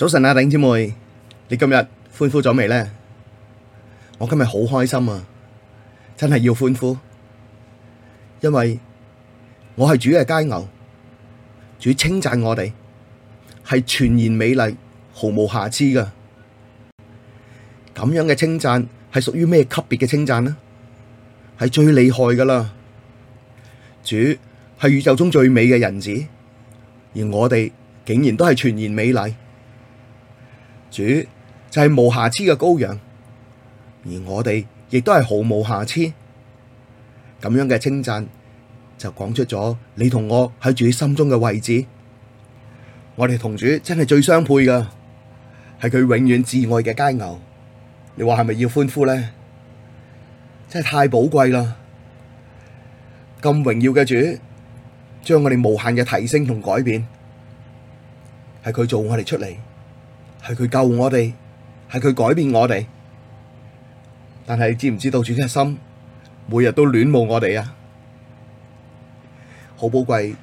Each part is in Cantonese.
早晨啊，頂姐妹，你今日歡呼咗未呢？我今日好開心啊，真係要歡呼，因為我係主嘅佳偶，主稱讚我哋係全然美麗，毫無瑕疵噶。咁樣嘅稱讚係屬於咩級別嘅稱讚呢？係最厲害噶啦。主係宇宙中最美嘅人子，而我哋竟然都係全然美麗。主就係無瑕疵嘅羔羊，而我哋亦都係毫無瑕疵。咁樣嘅稱讚就講出咗你同我喺主心中嘅位置。我哋同主真係最相配噶，係佢永遠至愛嘅佳偶。你話係咪要歡呼呢？真係太寶貴啦！咁榮耀嘅主，將我哋無限嘅提升同改變，係佢做我哋出嚟。係佢救我哋，係佢改變我哋。但係你知唔知道主嘅心，每日都戀慕我哋啊！好寶貴，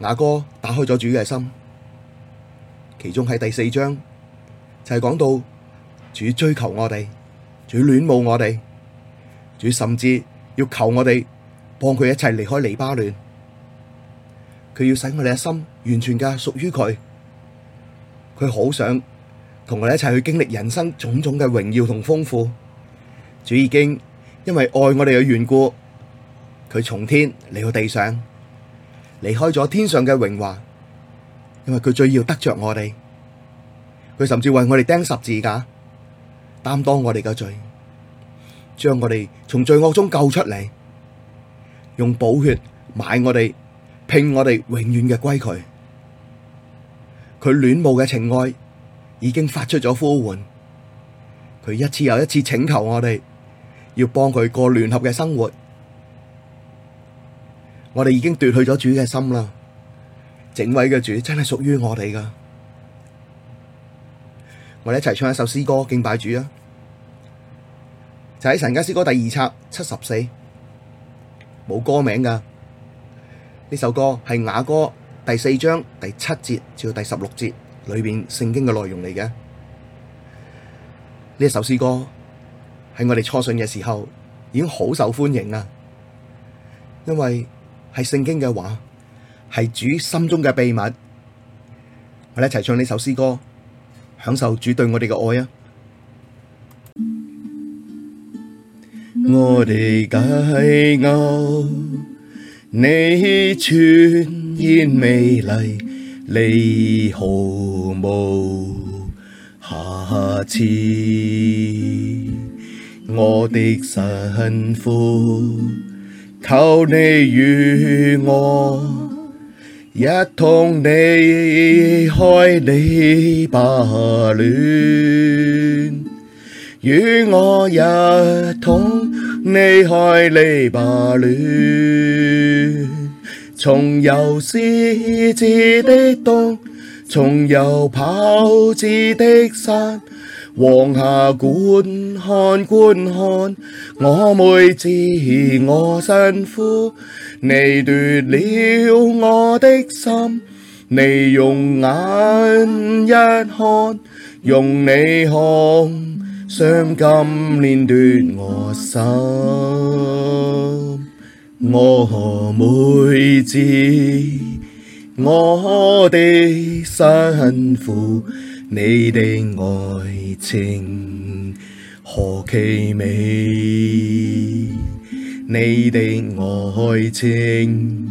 雅歌打開咗主嘅心。其中喺第四章，就係講到主追求我哋，主戀慕我哋，主甚至要求我哋幫佢一齊離開利巴嫩。佢要使我哋嘅心完全嘅屬於佢，佢好想。同我哋一齊去經歷人生種種嘅榮耀同豐富，主已經因為愛我哋嘅緣故，佢從天嚟到地上，離開咗天上嘅榮華，因為佢最要得着我哋，佢甚至為我哋釘十字架，擔當我哋嘅罪，將我哋從罪惡中救出嚟，用寶血買我哋，聘我哋永遠嘅歸佢，佢戀慕嘅情愛。已經發出咗呼喚，佢一次又一次請求我哋要幫佢過聯合嘅生活。我哋已經奪去咗主嘅心啦！整位嘅主真係屬於我哋噶。我哋一齊唱一首詩歌敬拜主啊！就喺神家詩歌第二冊七十四，冇歌名噶。呢首歌係雅歌第四章第七節至到第十六節。裏面聖經嘅內容嚟嘅，呢一首詩歌喺我哋初信嘅時候已經好受歡迎啦，因為係聖經嘅話係主心中嘅秘密，我哋一齊唱呢首詩歌，享受主對我哋嘅愛啊！我的佳偶，你全然美麗。 你毫無瑕疵，我的新婦，求你，與我，你，你與我一同離開利巴嫩，與我一同離開利巴嫩。從有獅子的洞，從有豹子的山，往下觀看觀看，我妹子，我新婦，你奪了我的心，你用眼一看，用你項上金鍊奪我心。我妹子，我的新婦，你的愛情何其美，你的愛情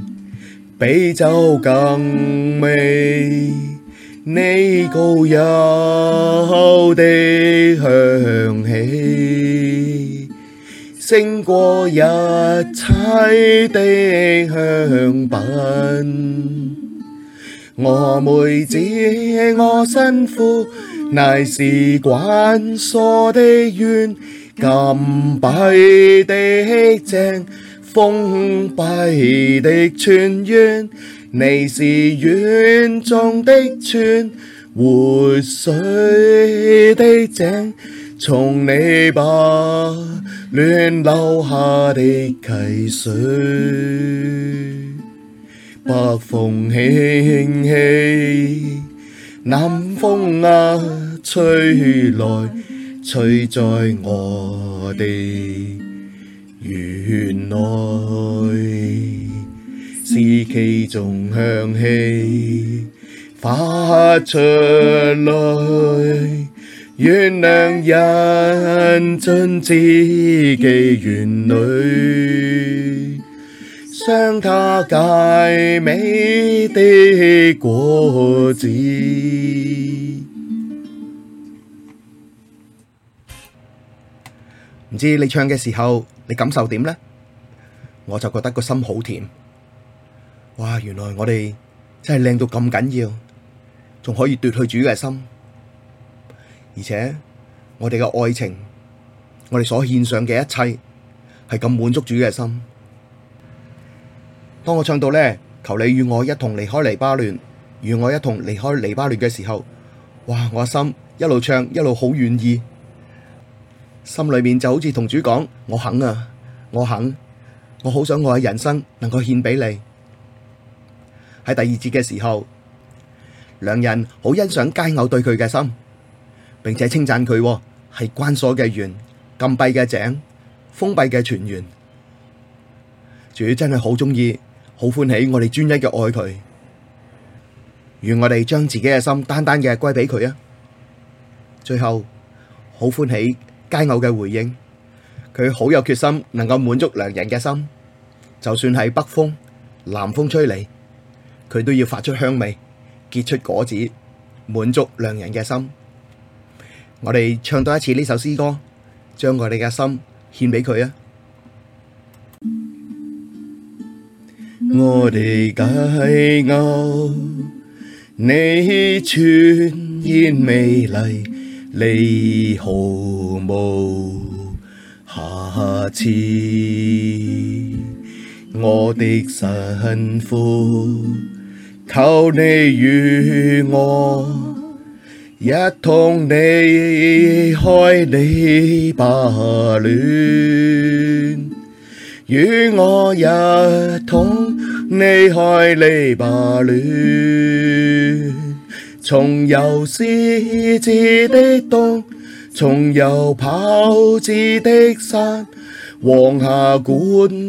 比酒更美，你膏油的香氣，勝過一切的香品，我妹子，我新婦，乃是關鎖的園，禁閉的井，封閉的泉源，你是園中的泉，活水的井，從你吧。嫩流下的溪水，北風興起，南風啊，吹來，吹在我的園內，使其中香氣發出來。願良人進自己園裡，嘗祂佳美的果子。唔知你唱嘅時候，你感受點呢？我就覺得個心好甜。哇！原來我哋真係靚到咁緊要，仲可以奪去主嘅心。而且我哋嘅愛情，我哋所獻上嘅一切，係咁滿足主嘅心。當我唱到咧，求你與我一同離開利巴嫩，與我一同離開利巴嫩嘅時候，哇！我心一路唱一路好願意，心裏面就好似同主講：我肯啊，我肯，我好想我嘅人生能夠獻俾你。喺第二節嘅時候，良人好欣賞佳偶對佢嘅心。並且稱讚佢係關鎖嘅園、禁閉嘅井、封閉嘅泉源，主真係好鍾意、好歡喜我哋專一嘅愛佢。願我哋將自己嘅心單單嘅歸俾佢啊！最後，好歡喜佳偶嘅回應，佢好有決心，能夠滿足良人嘅心。就算係北風、南風吹嚟，佢都要發出香味，結出果子，滿足良人嘅心。我哋唱多一次呢首詩歌，將我哋嘅心獻畀佢啊！ 我的佳偶，你全然美麗，你毫無瑕疵！我的新婦，求你與我。一同離開利巴嫩，與我一同離開利巴嫩。從有獅子的洞，從有豹子的山，往下觀看。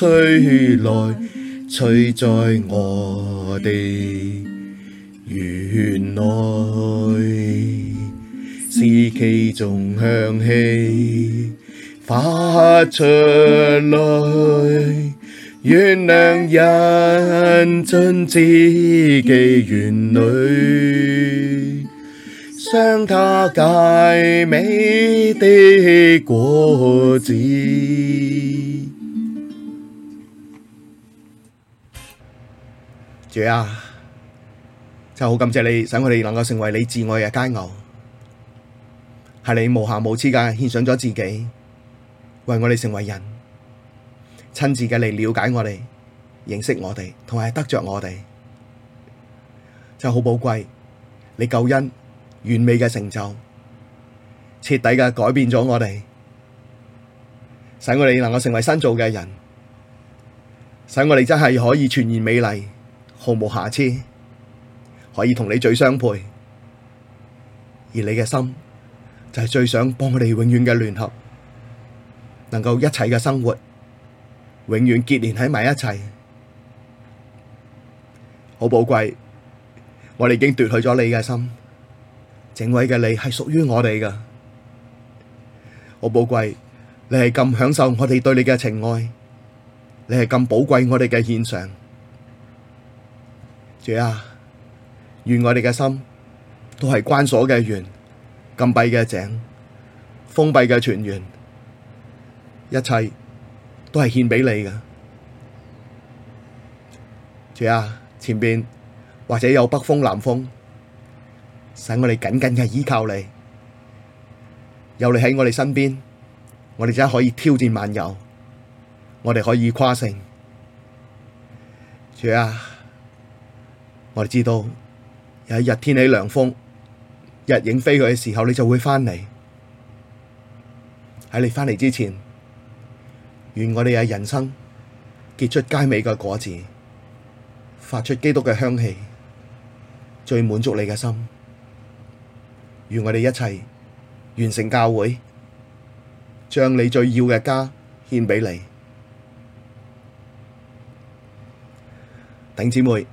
吹來，吹在我的園內，使其中香氣發出來。願良人進自己園裡，嘗他佳美的果子。主啊，就好感謝你，使我哋能夠成為你至愛嘅佳偶，係你無瑕無疵嘅獻上咗自己，為我哋成為人，親自嘅嚟了解我哋，認識我哋，同埋得着我哋，就好寶貴。你救恩完美嘅成就，徹底嘅改變咗我哋，使我哋能夠成為新造嘅人，使我哋真係可以全然美麗。毫無瑕疵，可以同你最相配，而你嘅心就係、是、最想幫我哋永遠嘅聯合，能夠一齊嘅生活永遠結連喺埋一齊，好寶貴。我哋已經奪去咗你嘅心，整位嘅你係屬於我哋噶，好寶貴。你係咁享受我哋對你嘅情愛，你係咁寶貴我哋嘅獻上。主啊，願我哋嘅心都係關鎖嘅園、禁閉嘅井、封閉嘅泉源，一切都係獻俾你嘅。主啊，前邊或者有北風南風，使我哋緊緊嘅依靠你。有你喺我哋身邊，我哋就可以挑戰萬有，我哋可以誇勝。主啊！我哋知道，有一日天，天起涼風，日影飛去嘅時候，你就會翻嚟。喺你翻嚟之前，願我哋喺人生結出佳美嘅果子，發出基督嘅香氣，最滿足你嘅心。願我哋一齊完成教會，將你最要嘅家獻畀你。頂姊妹。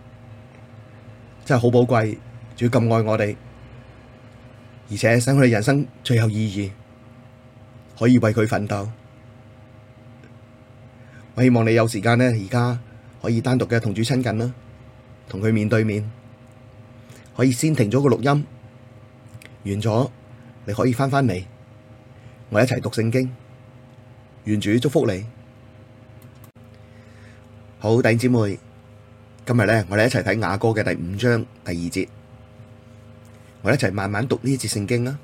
真係好寶貴，仲要咁愛我哋，而且使我哋人生最有意義，可以為佢奮鬥。我希望你有時間呢，而家可以單獨嘅同主親近啦，同佢面對面，可以先停咗個錄音，完咗你可以翻返嚟，我一齊讀聖經，願主祝福你，好弟兄姊妹。今日咧，我哋一齊睇雅歌嘅第五章第二節，我哋一齊慢慢讀呢節聖經啊！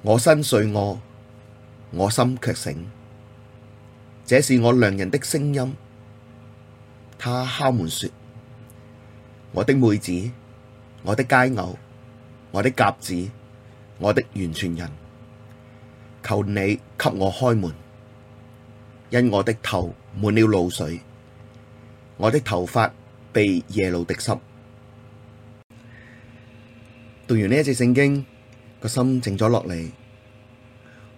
我身睡臥，我心卻醒，這是我良人的聲音，他敲門說：我的妹子，我的佳偶，我的鴿子，我的完全人，求你給我開門，因我的頭滿了露水。我的頭髮被夜露滴濕，讀完呢一節聖經，個心靜咗落嚟，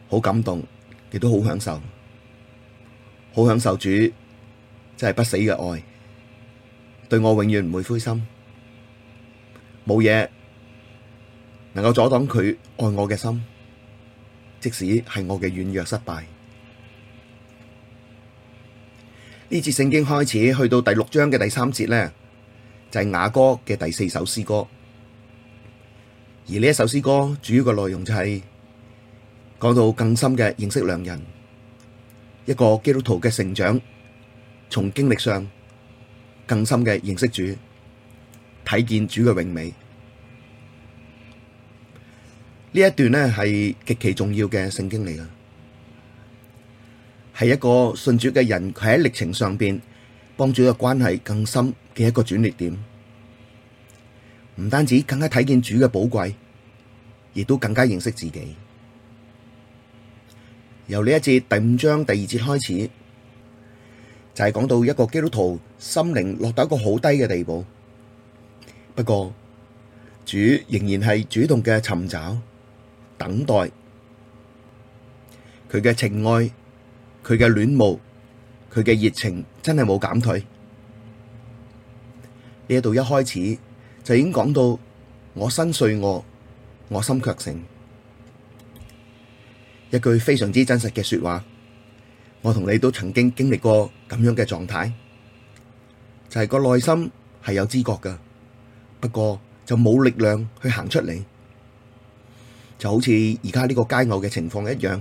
好感動，亦都好享受，好享受主真係不死嘅愛，對我永遠唔會灰心，冇嘢能夠阻擋佢愛我嘅心，即使係我嘅軟弱失敗。呢節聖經開始去到第六章嘅第三節呢，就係、是、雅歌嘅第四首詩歌。而呢一首詩歌主要嘅內容就係、是、講到更深嘅認識良人，一個基督徒嘅成長，從經歷上更深嘅認識主，睇見主嘅永美。呢一段呢，係極其重要嘅聖經嚟噶。係一個信主嘅人，佢喺歷程上面，幫主嘅關係更深嘅一個轉捩點。唔單止更加睇見主嘅寶貴，亦都更加認識自己。由呢一節第五章第二節開始，就係講到一個基督徒心靈落到一個好低嘅地步。不過主仍然係主動嘅尋找、等待，佢嘅情愛。佢嘅戀慕，佢嘅熱情真係冇減退。呢度一開始就已經講到「我身睡臥，我心卻醒」。一句非常之真實嘅說話。我同你都曾經經歷過咁樣嘅狀態，就係、是、個內心係有知覺噶，不過就冇力量去行出嚟，就好似而家呢個佳偶嘅情況一樣。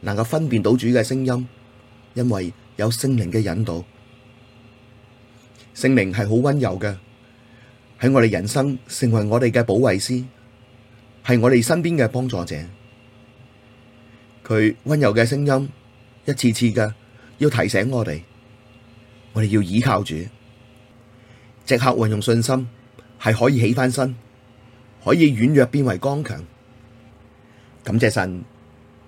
能夠分辨到主嘅聲音，因為有聖靈嘅引導。聖靈係好溫柔嘅，喺我哋人生成為我哋嘅保惠師，係我哋身邊嘅幫助者。佢溫柔嘅聲音，一次次嘅要提醒我哋，我哋要倚靠主，即刻運用信心，係可以起翻身，可以軟弱變為剛強。感謝神。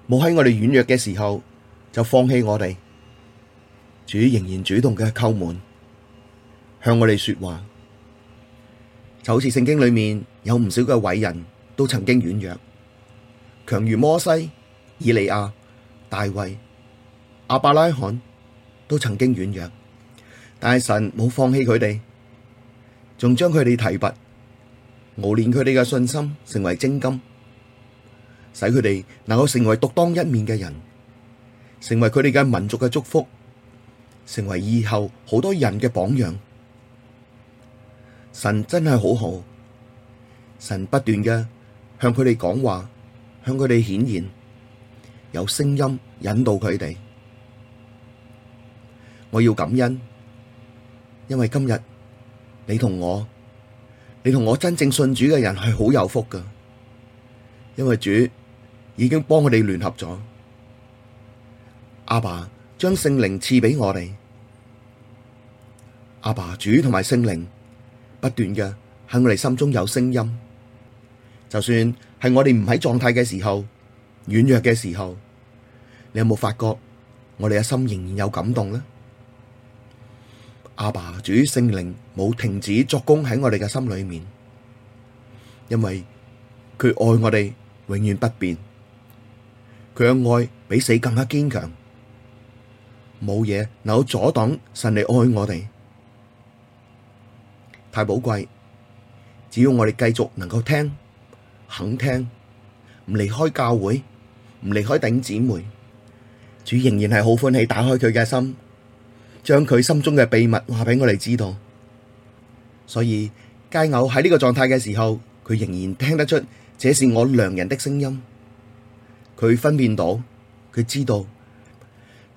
冇喺我哋軟弱嘅時候就放棄我哋，主仍然主動嘅叩門向我哋說話，就好似聖經裏面有唔少嘅偉人都曾經軟弱，強如摩西、以利亞、大衛、阿伯拉罕都曾經軟弱，但係神冇放棄佢哋，仲將佢哋提拔，磨練佢哋嘅信心成為精金。使佢哋能夠成為獨當一面嘅人，成為佢哋嘅民族嘅祝福，成為以後好多人嘅榜樣。神真係好好，神不斷嘅向佢哋講話，向佢哋顯現，有聲音引導佢哋。我要感恩，因為今日你同我，你同我真正信主嘅人係好有福㗎，因為主。已經幫我哋聯合咗，阿爸將聖靈賜畀我哋，阿爸主同埋聖靈不斷嘅喺我哋心中有聲音，就算係我哋唔喺狀態嘅時候，軟弱嘅時候，你有冇發覺我哋嘅心仍然有感動呢？阿爸主聖靈冇停止作工喺我哋嘅心裏面，因為佢愛我哋永遠不變。佢嘅愛比死更加堅強，冇嘢能夠阻擋神嚟愛我哋。太寶貴，只要我哋繼續能夠聽、肯聽，唔離開教會，唔離開頂姊妹，主仍然係好歡喜打開佢嘅心，將佢心中嘅秘密話畀我哋知道。所以佳偶喺呢個狀態嘅時候，佢仍然聽得出，這是我良人的聲音。佢分辨到，佢知道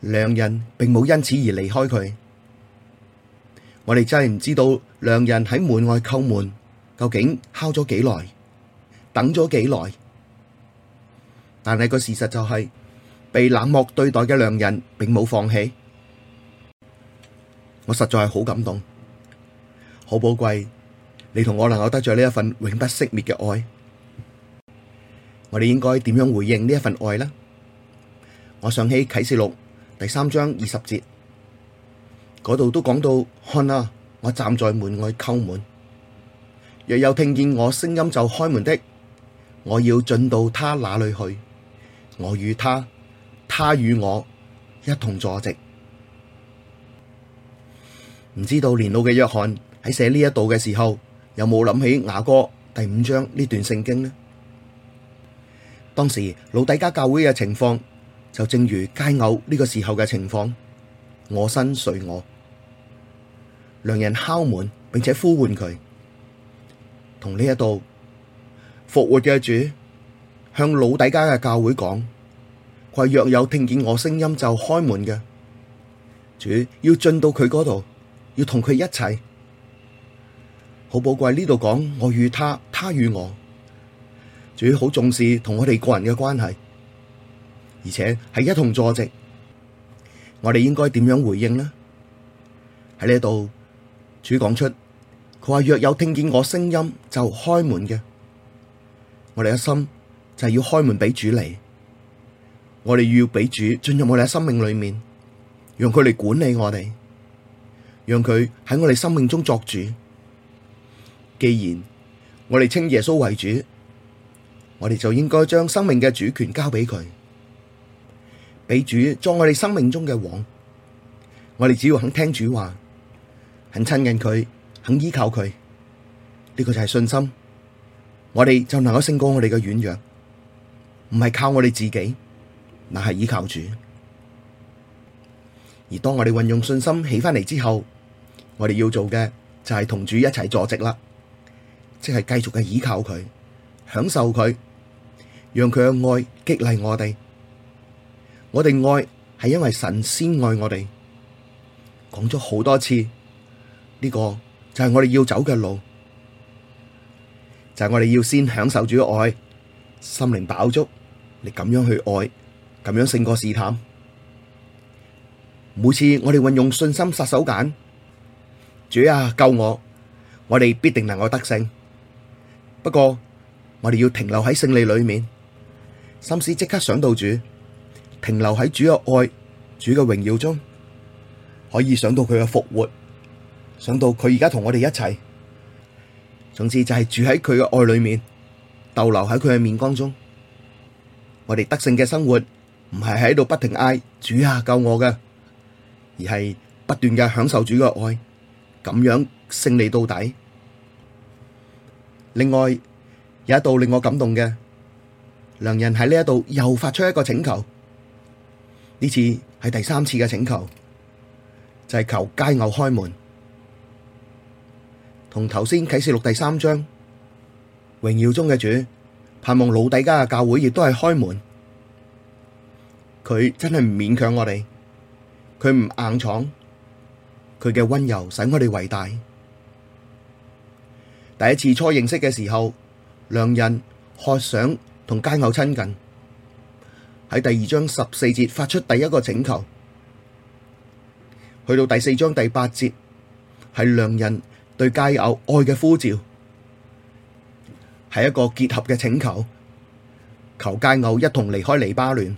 良人並冇因此而離開佢。我哋真係唔知道良人喺門外叩門，究竟敲咗幾耐，等咗幾耐。但係個事實就係，被冷漠對待嘅良人並冇放棄。我實在係好感動，好寶貴，你同我能夠得着呢一份永不熄滅嘅愛。我哋應該點樣回應呢一份愛呢？我想起啟示錄第三章二十節，嗰度都講到：看啊，我站在門外叩門，若有聽見我聲音就開門的，我要進到他那裡去，我與他，他與我一同坐席。唔知道年老嘅約翰喺寫呢一度嘅時候，有冇諗起雅歌第五章呢段聖經呢？當時老底家教會嘅情況就正如佳偶呢個時候嘅情況，我身睡臥，良人敲門並且呼喚佢，同呢一度復活嘅主向老底家嘅教會講，佢若有聽見我聲音就開門嘅，主要進到佢嗰度，要同佢一齊，好寶貴呢度講我與他，他與我。主好重視同我哋個人嘅關係，而且係一同坐席。我哋應該點樣回應呢？喺呢度，主講出佢話：若有聽見我聲音，就開門嘅。我哋一心就係要開門俾主嚟，我哋要俾主進入我哋嘅生命裏面，讓佢嚟管理我哋，讓佢喺我哋生命中作主。既然我哋稱耶穌為主。我哋就應該將生命嘅主權交俾佢，俾主作我哋生命中嘅王。我哋只要肯聽主話，肯親近佢，肯依靠佢，呢個就係信心。我哋就能夠勝過我哋嘅軟弱，唔係靠我哋自己，乃係依靠主。而當我哋運用信心起翻嚟之後，我哋要做嘅就係同主一齊坐席啦，即係繼續嘅依靠佢，享受佢。讓佢嘅愛激勵我哋，我哋愛係因為神先愛我哋，講咗好多次，呢個就係我哋要走嘅路，就係我哋要先享受主嘅愛，心靈飽足，嚟咁樣去愛，咁樣勝過試探。每次我哋運用信心殺手鐧，主啊救我，我哋必定能夠得勝。不過我哋要停留喺勝利裏面。心思即刻想到主，停留喺主嘅愛、主嘅榮耀中，可以想到佢嘅復活，想到佢而家同我哋一齊，總之就係住喺佢嘅愛裏面，逗留喺佢嘅面光中。我哋得勝嘅生活，唔係喺度不停嗌主啊救我嘅，而係不斷嘅享受主嘅愛，咁樣勝利到底。另外有一度令我感動嘅。良人喺呢一度又發出一個請求，呢次係第三次嘅請求，就係、是、求佳偶開門。同頭先啟示錄第三章榮耀中嘅主盼望老底嘉嘅教會亦都係開門。佢真係唔勉強我哋，佢唔硬闖，佢嘅溫柔使我哋偉大。第一次初認識嘅時候，良人渴想。同佳偶親近，喺第二章十四節發出第一個請求，去到第四章第八節係良人對佳偶愛嘅呼召，係一個結合嘅請求，求佳偶一同離開利巴嫩。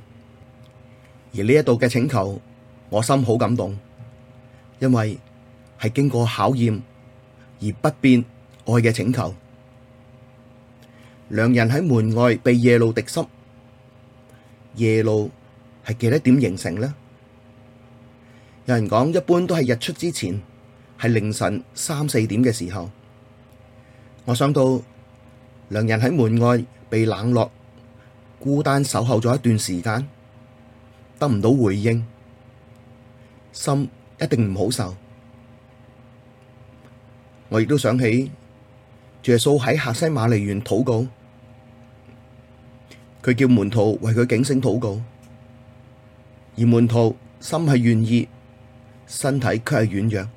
而呢一度嘅請求，我心好感動，因為係經過考驗而不變愛嘅請求。良人喺門外被夜露滴濕，夜露係幾多點形成呢？有人講一般都係日出之前，係凌晨三四點嘅時候。我想到，良人喺門外被冷落、孤單守候咗一段時間，得唔到回應，心一定唔好受。我亦都想起。耶穌喺客西馬尼園禱告，佢叫門徒為佢警醒禱告，而門徒心係願意，身體卻係軟弱，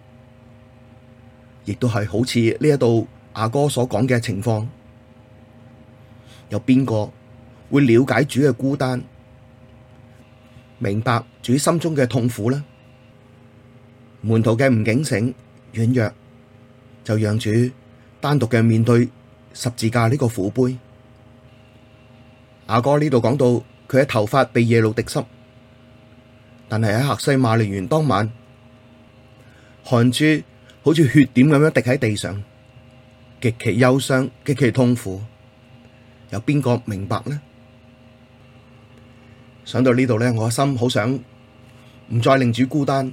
亦都係好似呢一度阿哥所講嘅情況。有邊個會了解主嘅孤單，明白主心中嘅痛苦呢？門徒嘅唔警醒、軟弱，就讓主。單獨嘅面對十字架呢個苦杯，阿哥呢度講到佢嘅頭髮被夜露滴濕，但係喺客西馬尼園當晚，汗珠好似血點咁樣滴喺地上，極其憂傷，極其痛苦，有邊個明白呢？想到呢度呢，我心好想唔再令主孤單，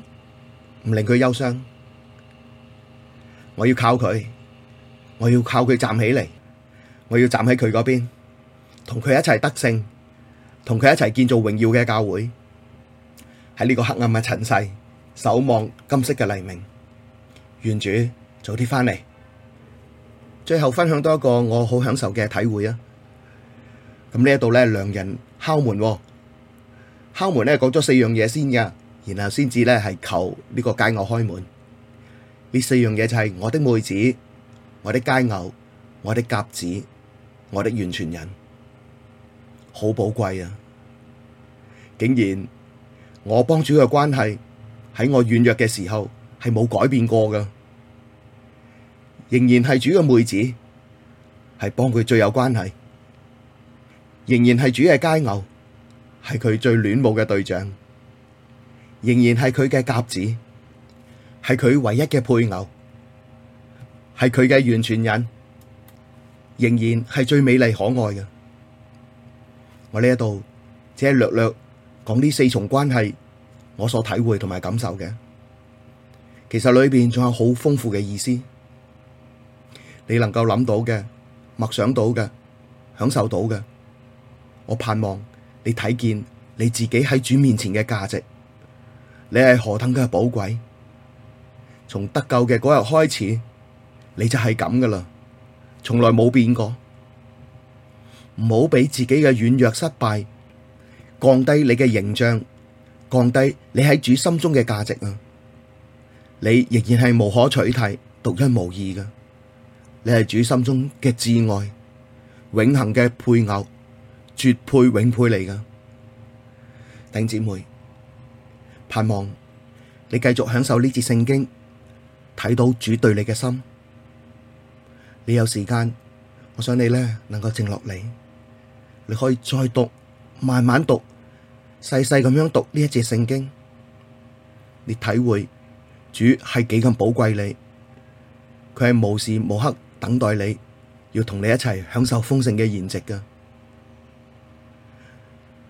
唔令佢憂傷，我要靠佢。我要靠佢站起嚟，我要站喺佢嗰邊，同佢一齊得勝，同佢一齊建造榮耀嘅教會，喺呢個黑暗嘅塵世守望金色嘅黎明，願主早啲翻嚟。最後分享多一個我好享受嘅體會啊！咁呢一度咧，良人敲門，哦，敲門咧講咗四樣嘢先嘅，然後先至咧係求呢個街外開門。呢四樣嘢就係我的妹子。我的佳偶，我的鴿子，我的完全人，好寶貴啊！竟然我幫主嘅關係喺我軟弱嘅時候係冇改變過噶。仍然係主嘅妹子，係幫佢最有關係；仍然係主嘅佳偶，係佢最戀慕嘅對象；仍然係佢嘅鴿子，係佢唯一嘅配偶。係佢嘅完全人，仍然係最美麗可愛嘅。我呢一度只係略略講呢四重關係，我所體會同埋感受嘅。其實裏邊仲有好豐富嘅意思，你能夠諗到嘅、默想到嘅、享受到嘅，我盼望你睇見你自己喺主面前嘅價值，你係何等嘅寶貴。從得救嘅嗰日開始。你就係咁噶啦，從來冇變過。唔好俾自己嘅軟弱失敗，降低你嘅形象，降低你喺主心中嘅價值啊！你仍然係無可取替、獨一無二噶，你係主心中嘅摯愛、永恆嘅配偶、絕配永配嚟噶丁姊妹，盼望你繼續享受呢節聖經，睇到主對你嘅心。你有時間，我想你咧能夠靜落嚟，你可以再讀，慢慢讀，細細咁樣讀呢一隻聖經，你體會主係幾咁寶貴你，佢係無時無刻等待你要同你一齊享受豐盛嘅筵席噶。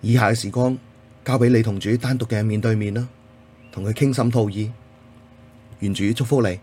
以下嘅時光交俾你同主單獨嘅面對面啦，同佢傾心吐意，願主祝福你。